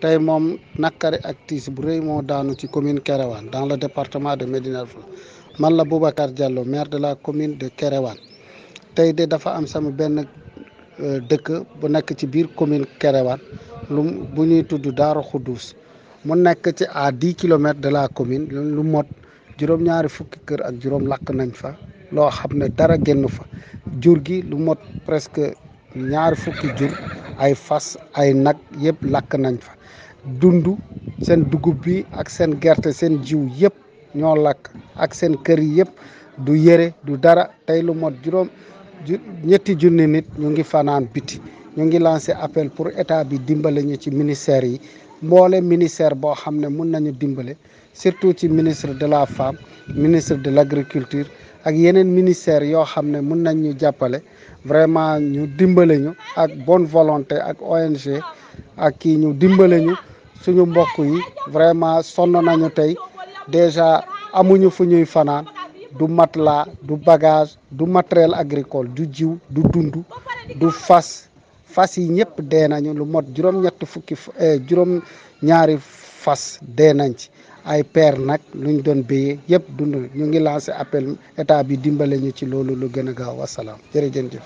tey moom nakkare ak tiis bu rëy moo daanu ci commune Kéréwan dans le département de médinal Yoro man la Boubacar Diallo maire de la commune de Kéréwan tey de dafa am sama benn euh, dëkk bu nekk ci biir commune kerewaan lu bu ñuy tudd Daaru Xuddus mu nekk ci à dix kilomètres de la commune lu mot juróom-ñaari fukki kër ak juróom lakk nañ fa loo xam ne dara génn fa jur gi lu mot presque ñaari fukki jur ay fas ay nag yep lakk nañ fa dund seen dugub bi ak seen gerte seen jiw yep ñoo lakk ak seen kër yi du yëre du dara tey lu mot juróom ñetti junni nit ñu ngi fanaan biti ñu ngi lancé appel pour état bi dimbale ñu ci ministère yi mboole ministère boo xam ne mun nañu dimbale surtout ci ministre de la femme ministre de l' ak yeneen ministère yoo xam ne mun nañ ñu jàppale vraiment ñu dimbale ñu ak bon volonté ak ONG ak kii ñu dimbale ñu suñu mbokk yi vraiment sonn nañu tey déjà amuñu fu ñuy fanaan du matelas du bagage du matériel agricole du jiw du dund du fas fas yi ñëpp dee nañu lu mot juróom-ñetti fukki eh, juróom ñaari fas dee nañ ci ay peer nag ñu doon béyee yëpp dundu ñu ngi lancé appel état bi dimbale ñu ci loolu lu gën a gaaw wasalaam jërëjëf